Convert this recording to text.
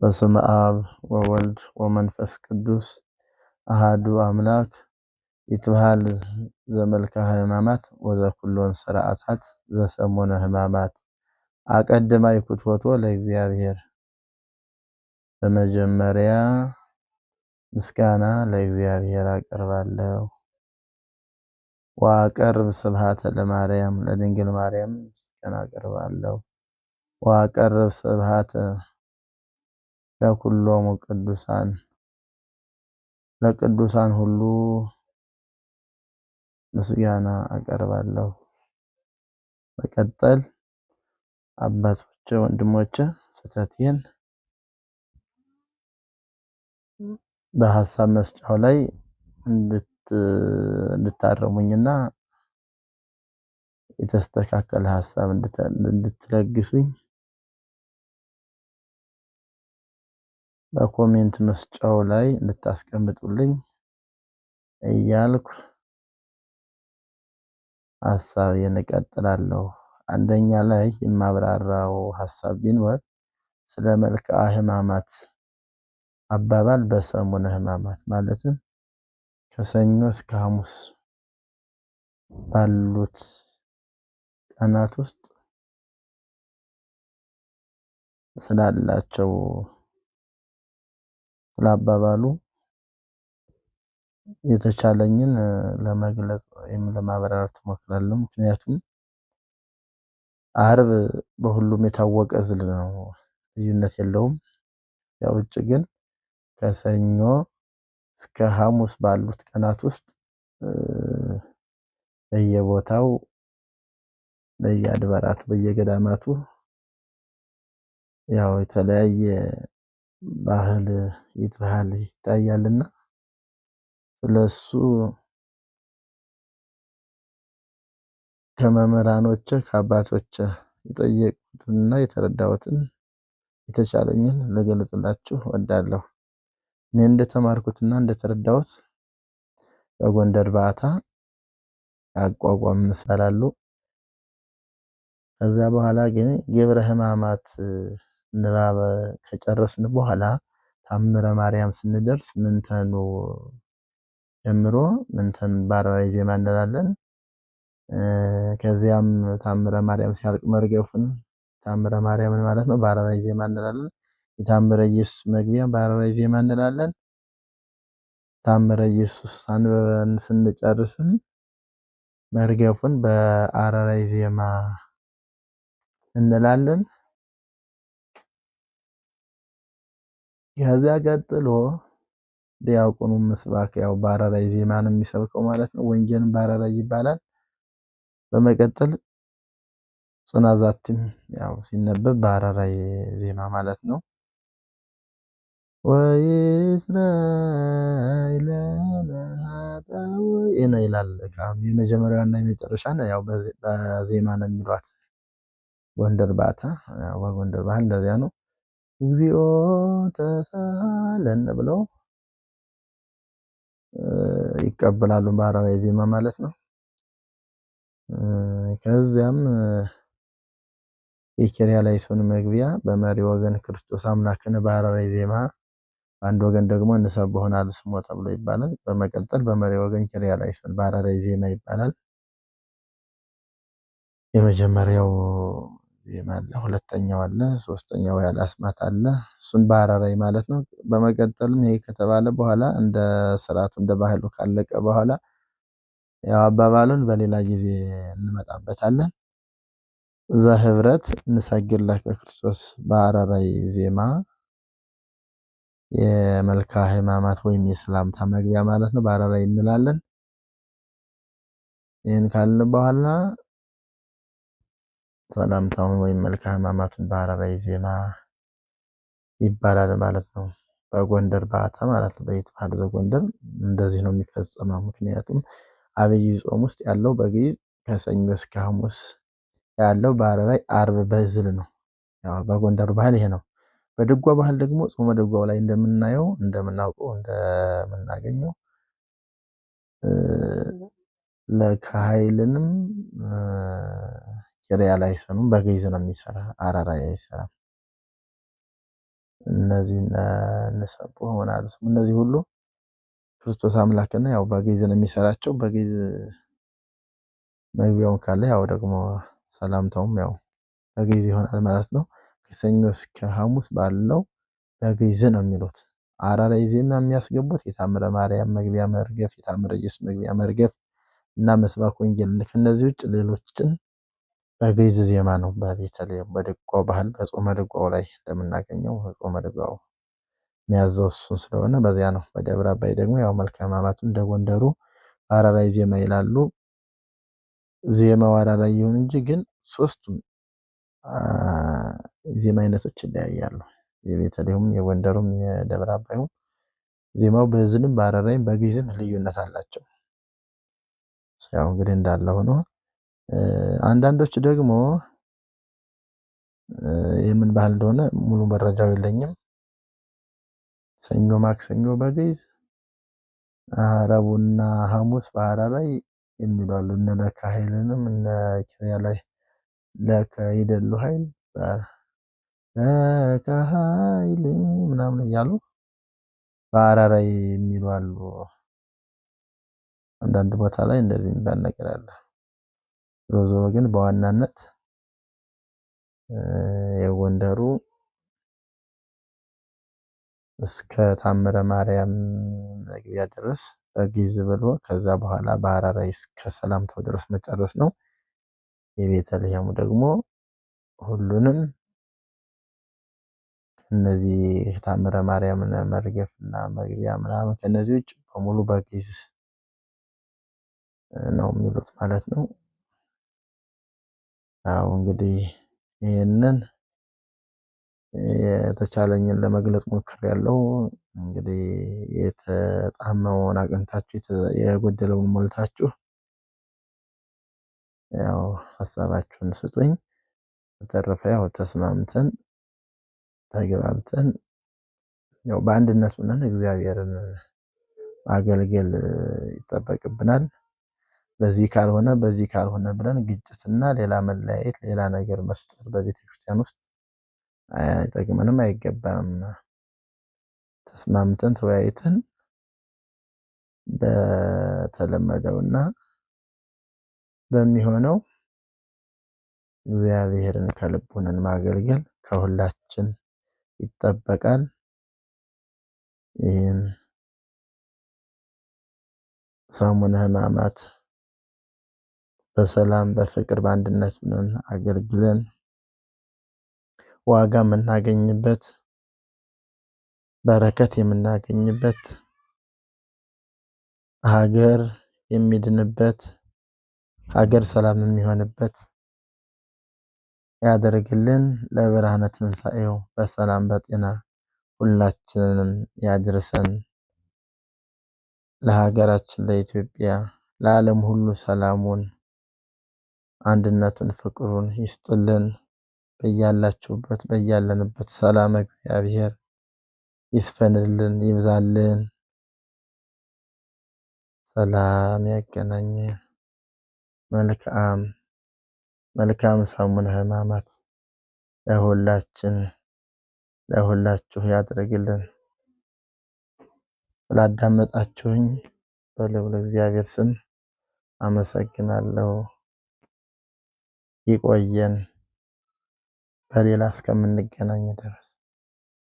በስመ አብ ወወልድ ወመንፈስ ቅዱስ አሃዱ አምላክ ይትበሃል ዘመልከ ሕማማት ወዘኩሎን ስርዓታት ዘሰሙነ ሕማማት አቀድማ ይኩትወቶ ለእግዚአብሔር በመጀመሪያ ምስጋና ለእግዚአብሔር አቀርባለሁ። ወአቀርብ ስብሃተ ለማርያም ለድንግል ማርያም ምስጋና አቀርባለሁ። ወአቀርብ ስብሃተ ለኵሎሙ ቅዱሳን ለቅዱሳን ሁሉ ምስጋና አቀርባለሁ። በቀጠል አባቶቼ፣ ወንድሞቼ ስህተቴን በሀሳብ መስጫው ላይ እንድታረሙኝና የተስተካከለ ሀሳብ እንድትለግሱኝ በኮሜንት መስጫው ላይ እንድታስቀምጡልኝ እያልኩ ሀሳብ እንቀጥላለሁ። አንደኛ ላይ የማብራራው ሀሳብ ቢኖር ስለ መልክአ ሕማማት አባባል በሰሙነ ሕማማት ማለትም ከሰኞ እስከ ሐሙስ ባሉት ቀናት ውስጥ ስላላቸው ለአባባሉ የተቻለኝን ለመግለጽ ወይም ለማብራራት ትሞክራለሁ። ምክንያቱም አርብ በሁሉም የታወቀ ዝል ነው፣ ልዩነት የለውም። ያው ውጭ ግን ከሰኞ እስከ ሐሙስ ባሉት ቀናት ውስጥ በየቦታው በየአድባራቱ በየገዳማቱ ያው የተለያየ ባህል የት ባህል ይታያልና ስለሱ ከመምህራኖች ከአባቶች የጠየቁትና የተረዳሁትን የተቻለኝን ልገልጽላችሁ እወዳለሁ። እኔ እንደተማርኩትና እንደተረዳሁት በጎንደር ባታ አቋቋም እንስላሉ። ከዛ በኋላ ግን ግብረ ሕማማት ንባብ ከጨረስን በኋላ ታምረ ማርያም ስንደርስ ምንተኑ ጀምሮ ምንተን ባራራይ ዜማ እንላለን። ከዚያም ታምረ ማርያም ሲያልቅ መርገፉን ታምረ ማርያምን ማለት ነው ባራራይ ዜማ እንላለን። የታምረ ኢየሱስ መግቢያ ባራራይ ዜማ እንላለን። ታምረ ኢየሱስ አንበበን ስንጨርስም መርገፉን በአራራይ ዜማ እንላለን። ከዛ ቀጥሎ ዲያቆኑ ምስባክ ያው ባራራይ ዜማን የሚሰብከው ማለት ነው። ወንጌልን ባራራይ ይባላል። በመቀጠል ጽናዛትም ያው ሲነበብ ባራራይ ዜማ ማለት ነው። ወይስራኤል ለሃጣዊ ይላል። ያው በዜማ ነው የሚሏት። ጎንደር ባታ በጎንደር ባህል እንደዚያ ነው። እግዚኦ ተሳለን ብለው ይቀበላሉ በሐራራዊ ዜማ ማለት ነው። ከዚያም የኪርያ ላይሶን መግቢያ በመሪ ወገን ክርስቶስ አምላክን በሐራራዊ ዜማ በአንድ ወገን ደግሞ እንሰብሖነ ለስሙ ተብሎ ይባላል። በመቀጠል በመሪ ወገን ኪርያ ላይሶን በሐራራዊ ዜማ ይባላል። የመጀመሪያው ራራይ አለ፣ ሁለተኛው አለ፣ ሶስተኛው ያለ አስማት አለ። እሱን በአራራይ ማለት ነው። በመቀጠልም ይሄ ከተባለ በኋላ እንደ ስርዓቱ እንደ ባህሉ ካለቀ በኋላ ያው አባባሉን በሌላ ጊዜ እንመጣበታለን። እዛ ህብረት እንሰግድ ለክርስቶስ በአራራይ ዜማ የመልካ ህማማት ወይም የሰላምታ መግቢያ ማለት ነው። በአራራይ እንላለን። ይህን ካልን በኋላ ሰላምታውን ወይም መልክአ ሕማማቱን በሐራራዊ ዜማ ይባላል ማለት ነው። በጎንደር በዓታ ማለት ነው። በኢትብዓድ በጎንደር እንደዚህ ነው የሚፈጸመው። ምክንያቱም አብይ ጾም ውስጥ ያለው በግዕዝ ከሰኞ እስከ ሐሙስ ያለው በሐራራዊ አርብ በዝል ነው። ያው በጎንደር ባህል ይሄ ነው። በድጓ ባህል ደግሞ ጾመ ድጓው ላይ እንደምናየው እንደምናውቀው እንደምናገኘው ለከሀይልንም ቅሪያ ላይ አይሰኑም፣ በግዕዝ ነው የሚሰራ አራራይ አይሰራም። እነዚህ ነሰቦ ምናምን እነዚህ ሁሉ ክርስቶስ አምላክና ያው በግዕዝ ነው የሚሰራቸው። በግዕዝ መግቢያውን ካለ ያው ደግሞ ሰላምታውም ያው በግዕዝ ይሆናል ማለት ነው። ከሰኞ እስከ ሐሙስ ባለው በግዕዝ ነው የሚሉት። አራራይ ዜማ የሚያስገቡት የታምረ ማርያም መግቢያ መርገፍ፣ የታምረ ኢየሱስ መግቢያ መርገፍ እና መስባክ ወንጌል ከነዚህ ውጭ ሌሎችን በግዕዝ ዜማ ነው። በተለይም በድጓው ባህል በጾመ ድጓው ላይ እንደምናገኘው ጾመ ድጓው የሚያዘው እሱን ስለሆነ በዚያ ነው። በደብረ አባይ ደግሞ ያው መልክአ ሕማማቱ እንደ ጎንደሩ አራራይ ዜማ ይላሉ። ዜማው አራራይ ይሁን እንጂ ግን ሶስቱም ዜማ አይነቶች ይለያያሉ። የቤተልሔም፣ የጎንደሩም፣ የደብረ አባዩም ዜማው በዝንም በአራራይም በግዕዝም ልዩነት አላቸው። ያው እንግዲህ እንዳለ ሆኖ አንዳንዶች ደግሞ የምን ባህል እንደሆነ ሙሉ መረጃው የለኝም። ሰኞ ማክሰኞ በግእዝ ረቡዕና ሐሙስ በአራራይ ላይ አሉ። እነ ለካ ኃይልንም እነ ኪርያ ላይ ለካ ይደሉ ኃይል ለካ ኃይል ምናምን እያሉ በአራራይ የሚሉ አሉ። አንዳንድ ቦታ ላይ እንደዚህ የሚባል ነገር አለ ሮዞ ግን በዋናነት የጎንደሩ እስከ ታምረ ማርያም መግቢያ ድረስ በጊዝ ብሎ ከዛ በኋላ በአራራይ እስከ ሰላምታው ድረስ መጨረስ ነው። የቤተልሔሙ ደግሞ ሁሉንም ከነዚህ ታምረ ማርያም መርገፍ እና መግቢያ ምናምን ከነዚህ ውጭ በሙሉ በጊዝ ነው የሚሉት ማለት ነው። አዎ እንግዲህ ይህንን የተቻለኝን ለመግለጽ ያለው እንግዲህ የተጣመመውን አቅንታችሁ የጎደለውን ሞልታችሁ ያው ሀሳባችሁን ስጡኝ። በተረፈ ያው ተስማምተን ተግባብተን ያው በአንድነት ሆነን እግዚአብሔርን ማገልገል ይጠበቅብናል በዚህ ካልሆነ በዚህ ካልሆነ ብለን ግጭትና ሌላ መለያየት፣ ሌላ ነገር መፍጠር በቤተክርስቲያን ውስጥ አይጠቅምንም፣ አይገባም። ተስማምተን ተወያይተን በተለመደውና በሚሆነው እግዚአብሔርን ከልቡንን ማገልገል ከሁላችን ይጠበቃል። ይህን ሰሙነ ሕማማት በሰላም በፍቅር በአንድነት ብለን አገልግለን ዋጋ የምናገኝበት በረከት የምናገኝበት ሀገር የሚድንበት ሀገር ሰላም የሚሆንበት ያደርግልን። ለብርሃነ ትንሣኤው በሰላም በጤና ሁላችንንም ያድርሰን። ለሀገራችን ለኢትዮጵያ ለዓለም ሁሉ ሰላሙን አንድነቱን ፍቅሩን ይስጥልን። በያላችሁበት በያለንበት ሰላም እግዚአብሔር ይስፈንልን ይብዛልን። ሰላም ያገናኘ መልካም መልካም ሰሙን ሕማማት ለሁላችን ለሁላችሁ ያድርግልን። ስላዳመጣችሁኝ በልዑል እግዚአብሔር ስም አመሰግናለሁ። ይቆየን። በሌላ እስከምንገናኝ ድረስ